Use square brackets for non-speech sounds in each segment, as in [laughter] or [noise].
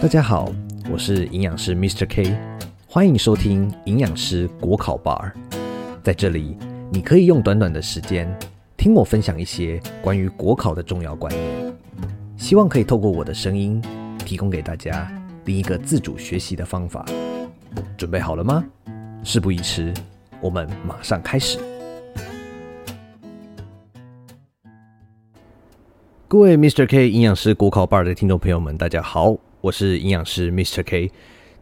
大家好，我是營養師 Mr. K，歡迎收聽營養師國考班。在這裡，你可以用短短的時間聽我分享一些關於國考的重要觀念，希望可以透過我的聲音，提供給大家第一個自主學習的方法。準備好了嗎？事不宜遲，我們馬上開始。各位 Mr. K 營養師國考班的聽眾朋友們，大家好。我是營養師 Mr. K，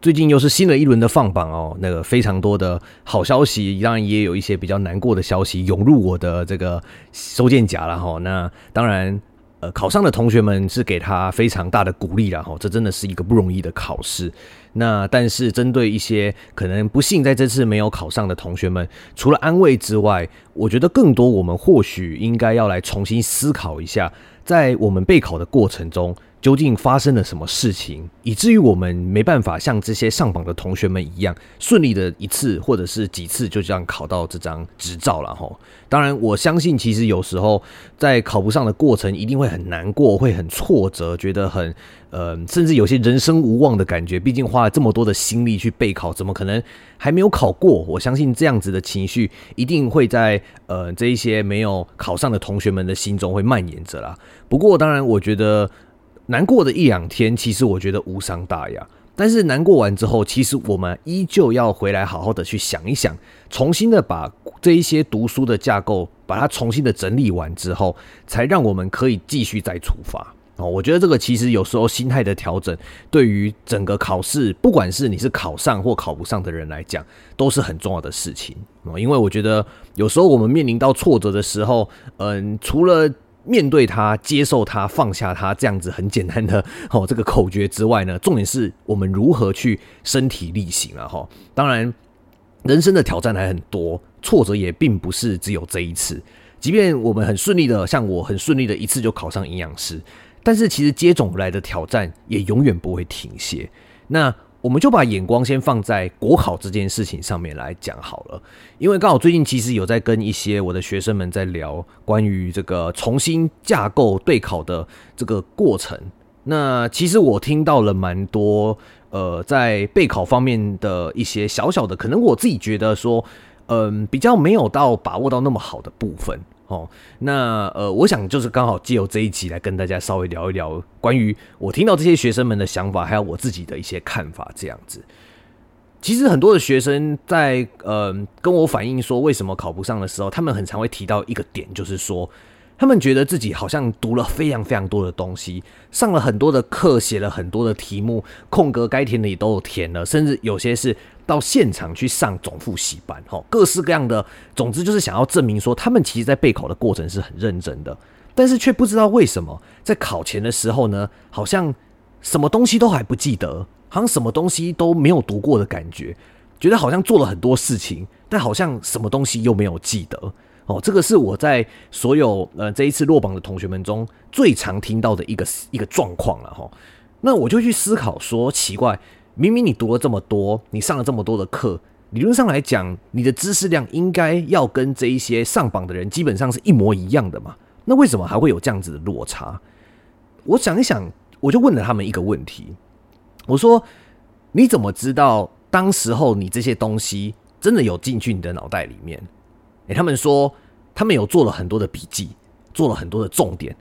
最近又是新的一輪的放榜哦，那個非常多的好消息，當然也有一些比較難過的消息湧入我的這個收件夾了哈。那當然，呃，考上的同學們是給他非常大的鼓勵了哈，這真的是一個不容易的考試。那但是針對一些可能不幸在這次沒有考上的同學們，除了安慰之外，我覺得更多我們或許應該要來重新思考一下，在我們備考的過程中。究竟發生了什麼事情，以至於我們沒辦法像這些上榜的同學們一樣順利的一次或者是幾次就這樣考到這張執照了吼，當然，我相信其實有時候在考不上的過程一定會很難過，會很挫折，覺得很呃，甚至有些人生無望的感覺。畢竟花了這麼多的心力去備考，怎麼可能還沒有考過？我相信這樣子的情緒一定會在呃這一些沒有考上的同學們的心中會蔓延着啦。不過，當然，我覺得。難過的一兩天，其實我覺得無傷大雅。但是難過完之後，其實我們依舊要回來好好的去想一想，重新的把這一些讀書的架構，把它重新的整理完之後，才讓我們可以繼續再出發。哦，我覺得這個其實有時候心態的調整，對於整個考試，不管是你是考上或考不上的人來講，都是很重要的事情。哦，因為我覺得有時候我們面臨到挫折的時候，嗯，除了面對它，接受它，放下它，這樣子很簡單的哈，這個口訣之外呢，重點是我們如何去身體力行啊哈。當然，人生的挑戰還很多，挫折也並不是只有這一次。即便我們很順利的，像我很順利的一次就考上營養師，但是其實接踵而來的挑戰也永遠不會停歇。那我們就把眼光先放在國考這件事情上面來講好了，因為剛好最近其實有在跟一些我的學生們在聊關於這個重新架構對考的這個過程。那其實我聽到了蠻多，呃，在備考方面的一些小小的，可能我自己覺得說，嗯、呃，比較沒有到把握到那麼好的部分。哦，那呃，我想就是剛好借由這一集來跟大家稍微聊一聊關於我聽到這些學生們的想法，還有我自己的一些看法這樣子。其實很多的學生在嗯，呃，跟我反映說，為什麼考不上的時候，他們很常會提到一個點，就是說。他們覺得自己好像讀了非常非常多的東西，上了很多的課，寫了很多的題目，空格該填的也都有填了，甚至有些是到現場去上總複習班，哈，各式各樣的。總之就是想要證明說，他們其實在備考的過程是很認真的，但是卻不知道為什麼，在考前的時候呢，好像什麼東西都還不記得，好像什麼東西都沒有讀過的感覺，覺得好像做了很多事情，但好像什麼東西又沒有記得。哦，這個是我在所有呃這一次落榜的同學們中最常聽到的一個一個狀況了、啊、哈、哦。那我就去思考說，奇怪，明明你讀了這麼多，你上了這麼多的課，理論上來講，你的知識量應該要跟這一些上榜的人基本上是一模一樣的嘛。那為什麼還會有這樣子的落差？我想一想，我就問了他們一個問題，我說：“你怎麼知道當時候你這些東西真的有進去你的腦袋裡面？”哎、欸，他們說他們有做了很多的筆記，做了很多的重點，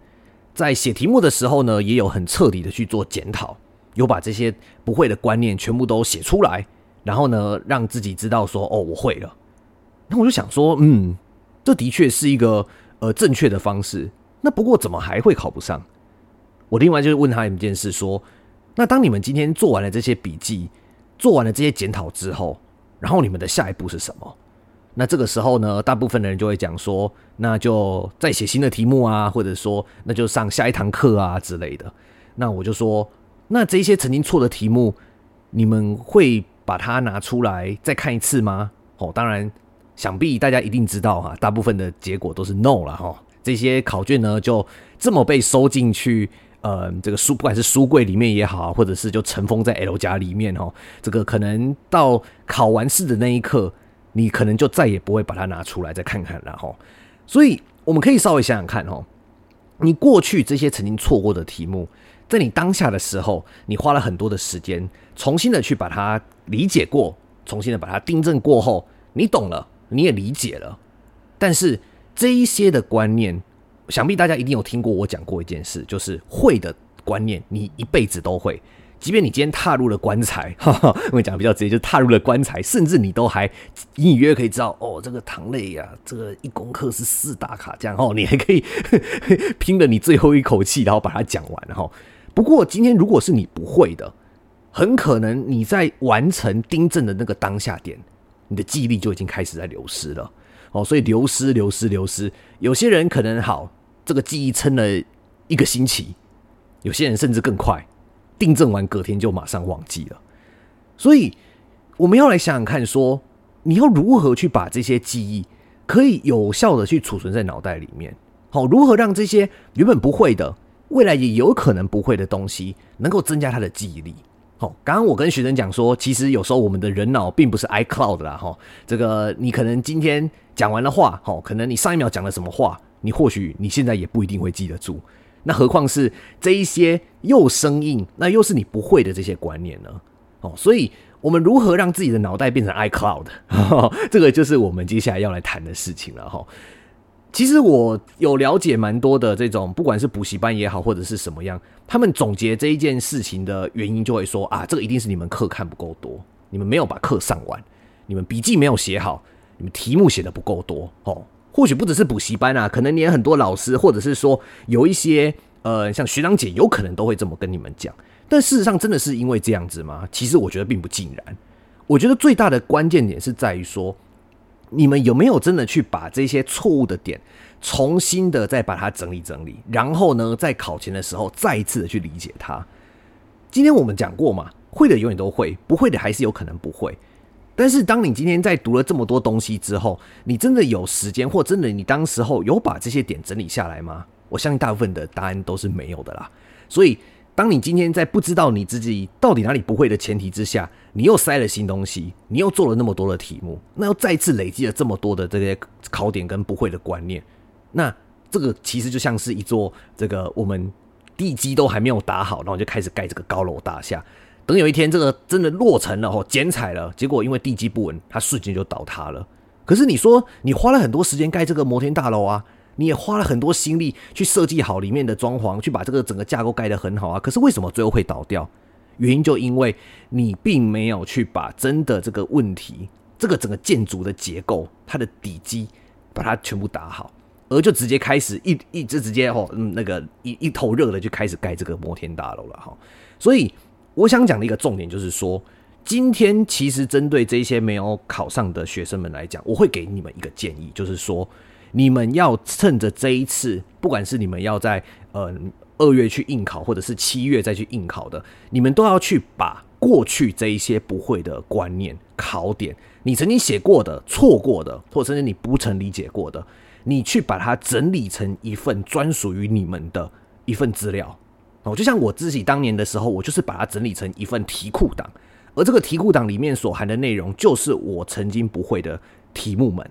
在寫題目的時候呢，也有很徹底的去做檢討，有把這些不會的觀念全部都寫出來，然後呢，讓自己知道說哦，我會了。那我就想說，嗯，這的確是一個呃正確的方式。那不過怎麼還會考不上？我另外就是問他一件事說，說那當你們今天做完了這些筆記，做完了這些檢討之後，然後你們的下一步是什麼？那這個時候呢，大部分的人就會講說，那就再寫新的題目啊，或者說那就上下一堂課啊之類的。那我就說，那這些曾經錯的題目，你們會把它拿出來再看一次嗎？哦，當然，想必大家一定知道哈、啊，大部分的結果都是 no 了哈、哦。這些考卷呢，就這麼被收進去，嗯、呃，這個書不管是書櫃裡面也好、啊，或者是就塵封在 L 夾裡面哦。這個可能到考完試的那一刻。你可能就再也不會把它拿出來再看看了哈，所以我們可以稍微想想看哈，你過去這些曾經錯過的題目，在你當下的時候，你花了很多的時間，重新的去把它理解過，重新的把它訂正過後，你懂了，你也理解了，但是這一些的觀念，想必大家一定有聽過我講過一件事，就是會的觀念，你一輩子都會。即便你今天踏入了棺材，因為講比較直接，就踏入了棺材，甚至你都還隱隱約約可以知道，哦，這個糖類呀、啊，這個一公克是四大卡，這樣哦，你還可以拼了你最後一口氣，然後把它講完，然、哦、不過今天如果是你不會的，很可能你在完成訂正的那個當下點，你的記憶力就已經開始在流失了哦，所以流失、流失、流失。有些人可能好，這個記憶撐了一個星期，有些人甚至更快。訂正完，隔天就馬上忘記了，所以我們要來想想看說你要如何去把這些記憶可以有效的去儲存在腦袋裡面，好、哦，如何讓這些原本不會的，未來也有可能不會的東西，能夠增加他的記憶力。好、哦，剛剛我跟學生講說，其實有時候我們的人腦並不是 iCloud 啦、哦，這個你可能今天講完了話、哦，可能你上一秒講了什麼話，你或許你現在也不一定會記得住。那何況是這一些又生硬，那又是你不會的這些觀念呢？哦，所以我們如何讓自己的腦袋變成 iCloud？這個就是我們接下來要來談的事情了哈，哦。其實我有了解蠻多的這種，不管是補習班也好，或者是什麼樣，他們總結這一件事情的原因就會說啊，這個一定是你們課看不夠多，你們沒有把課上完，你們筆記沒有寫好，你們題目寫的不夠多哦。或許不只是補習班啊，可能連很多老師，或者是說有一些呃，像學長姐，有可能都會這麼跟你們講。但事實上，真的是因為這樣子嗎？其實我覺得並不盡然。我覺得最大的關鍵點是在於說，你們有沒有真的去把這些錯誤的點重新的再把它整理整理，然後呢，在考前的時候再一次的去理解它。今天我們講過嘛，會的永遠都會，不會的還是有可能不會。但是，當你今天在讀了這麼多東西之後，你真的有時間，或真的你當時候有把這些點整理下來嗎？我相信大部分的答案都是沒有的啦。所以，當你今天在不知道你自己到底哪裡不會的前提之下，你又塞了新東西，你又做了那麼多的題目，那又再次累積了這麼多的這些考點跟不會的觀念。那這個其實就像是一座這個我們地基都還沒有打好，然後就開始蓋這個高樓大廈。等有一天這個真的落成了，剪綵了，結果因為地基不穩，它瞬間就倒塌了。可是你說你花了很多時間蓋這個摩天大樓啊，你也花了很多心力去設計好裡面的裝潢，去把這個整個架構蓋得很好啊。可是為什麼最後會倒掉？原因就因為你並沒有去把真的這個問題，這個整個建築的結構它的地基把它全部打好，而就直接開始一一直直接、嗯、那個一，一頭熱的就開始蓋這個摩天大樓了。所以，我想講的一個重點就是說，今天其實針對這些沒有考上的學生們來講，我會給你們一個建議，就是說，你們要趁着這一次，不管是你們要在呃二月去應考，或者是七月再去應考的，你們都要去把過去這一些不會的觀念、考點，你曾經寫過的、錯過的，或者是你不曾理解過的，你去把它整理成一份專屬於你們的一份資料。哦，就像我自己當年的時候，我就是把它整理成一份題庫檔，而這個題庫檔裡面所含的內容，就是我曾經不會的題目們。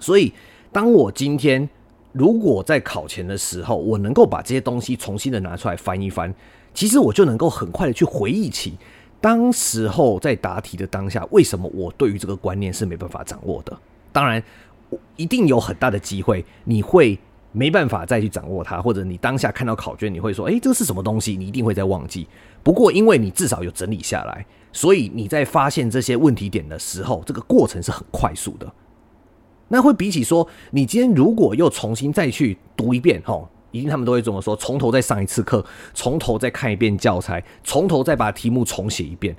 所以，當我今天如果在考前的時候，我能夠把這些東西重新的拿出來翻一翻，其實我就能夠很快的去回憶起當時候在答題的當下，為什麼我對於這個觀念是沒辦法掌握的。當然，一定有很大的機會，你會。沒辦法再去掌握它，或者你當下看到考卷，你會說：“誒、欸，這個是什麼東西？”你一定會再忘記。不過，因為你至少有整理下來，所以你在發現這些問題點的時候，這個過程是很快速的。那會比起說，你今天如果又重新再去讀一遍，齁，一定他們都會這麼說：從頭再上一次課，從頭再看一遍教材，從頭再把題目重寫一遍。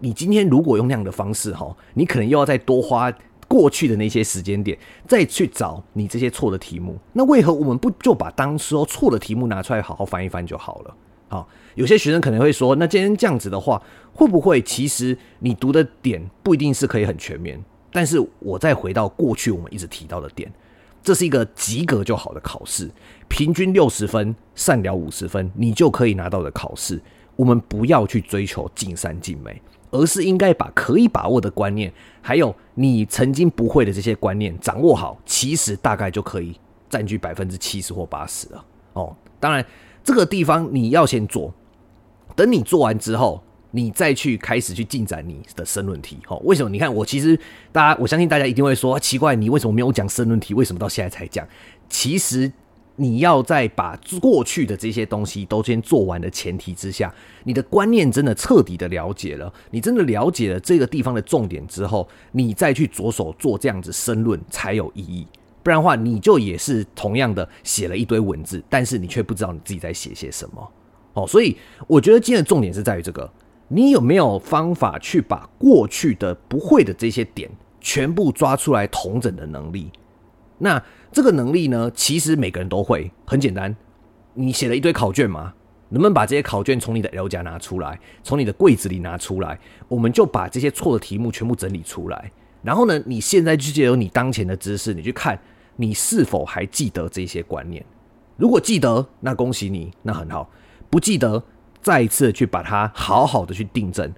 你今天如果用那樣的方式，齁，你可能又要再多花。過去的那些時間點，再去找你這些錯的題目，那為何我們不就把當時候錯的題目拿出來好好翻一翻就好了？好，有些學生可能會說，那今天這樣子的話，會不會其實你讀的點不一定是可以很全面？但是我再回到過去，我們一直提到的點，這是一個及格就好的考試，平均六十分，善了五十分，你就可以拿到的考試，我們不要去追求盡善盡美。而是應該把可以把握的觀念，還有你曾經不會的這些觀念掌握好，其實大概就可以佔據百分之七十或八十了。哦，當然這個地方你要先做，等你做完之後，你再去開始去進展你的申論題。哦，為什麼？你看，我其實大家，我相信大家一定會說奇怪，你為什麼沒有講申論題？為什麼到現在才講？其實。你要在把過去的這些東西都先做完的前提之下，你的觀念真的徹底的了解了，你真的了解了這個地方的重點之後，你再去着手做這樣子申論才有意義。不然的話，你就也是同樣的寫了一堆文字，但是你卻不知道你自己在寫些什麼。哦，所以我覺得今天的重點是在於這個，你有沒有方法去把過去的不會的這些點全部抓出來統整的能力？那。這個能力呢，其實每個人都會，很簡單。你寫了一堆考卷嘛，能不能把這些考卷從你的 L 夾拿出來，從你的櫃子裡拿出來？我們就把這些錯的題目全部整理出來，然後呢，你現在去借由你當前的知識，你去看你是否還記得這些觀念。如果記得，那恭喜你，那很好；不記得，再一次去把它好好的去訂正。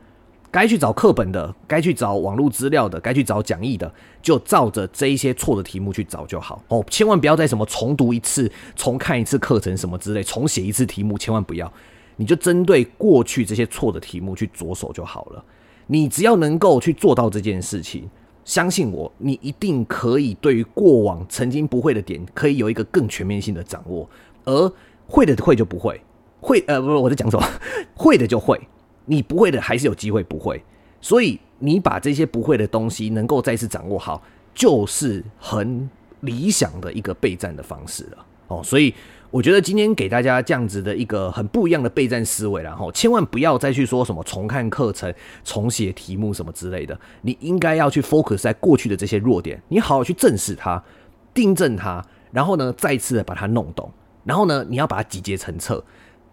該去找課本的，該去找網絡資料的，該去找講義的，就照着這一些錯的題目去找就好哦，千萬不要再什麼重讀一次、重看一次課程什麼之類，重寫一次題目，千萬不要，你就針對過去這些錯的題目去着手就好了。你只要能夠去做到這件事情，相信我，你一定可以對於過往曾經不會的點，可以有一個更全面性的掌握，而會的會就不會，會，呃，不是我在講什麼， [laughs] 會的就會。你不會的還是有機會不會，所以你把這些不會的東西能夠再次掌握好，就是很理想的一個備戰的方式了哦。所以我覺得今天給大家這樣子的一個很不一樣的備戰思維，然後千萬不要再去說什麼重看課程、重寫題目什麼之類的，你應該要去 focus 在過去的這些弱點，你好好去正視它、訂正它，然後呢再次的把它弄懂，然後呢你要把它集結成冊。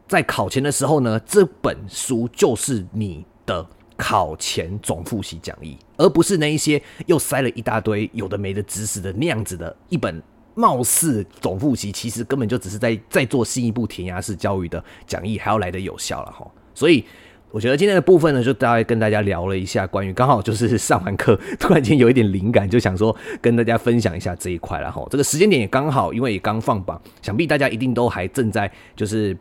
在考前的時候呢，這本書就是你的考前總複習講義，而不是那一些又塞了一大堆有的沒的知識的那樣子的一本。貌似總複習，其實根本就只是在在做進一步填鴨式教育的講義，還要來得有效了哈。所以我覺得今天的部分呢，就大概跟大家聊了一下關於剛好就是上完課，突然間有一點靈感，就想說跟大家分享一下這一塊了哈。這個時間點也剛好，因為也剛放榜，想必大家一定都還正在就是。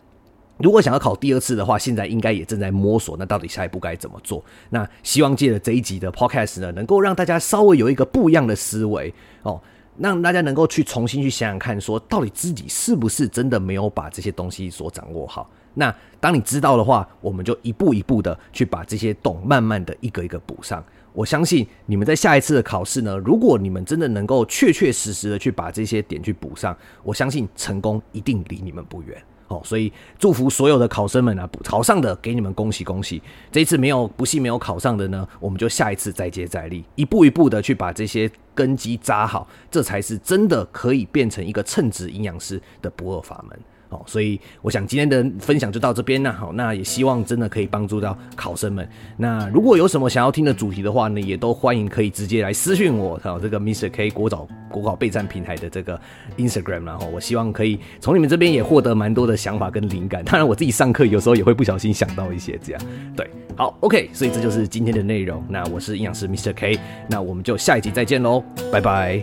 如果想要考第二次的話，現在應該也正在摸索，那到底下一步該怎麼做？那希望借着這一集的 Podcast 呢，能夠讓大家稍微有一個不一樣的思維哦，讓大家能夠去重新去想想看說，說到底自己是不是真的沒有把這些東西所掌握好？那當你知道的話，我們就一步一步的去把這些洞慢慢的一個一個補上。我相信你們在下一次的考試呢，如果你們真的能夠確確實實的去把這些點去補上，我相信成功一定離你們不遠。哦，所以祝福所有的考生們啊，考上的給你們恭喜恭喜。這一次沒有，不幸沒有考上的呢，我們就下一次再接再厲，一步一步的去把這些根基扎好，這才是真的可以變成一個稱職營養師的不二法門。哦，所以我想今天的分享就到這邊。那好，那也希望真的可以幫助到考生們。那如果有什麼想要聽的主題的話呢，也都歡迎可以直接來私訊我。好，這個 Mr K 國考國考備戰平台的這個 Instagram 然後，我希望可以從你們這邊也獲得蠻多的想法跟靈感。當然，我自己上課有時候也會不小心想到一些這樣。對，好，OK，所以這就是今天的內容。那我是營養師 Mr K，那我們就下一集再見嘍，拜拜。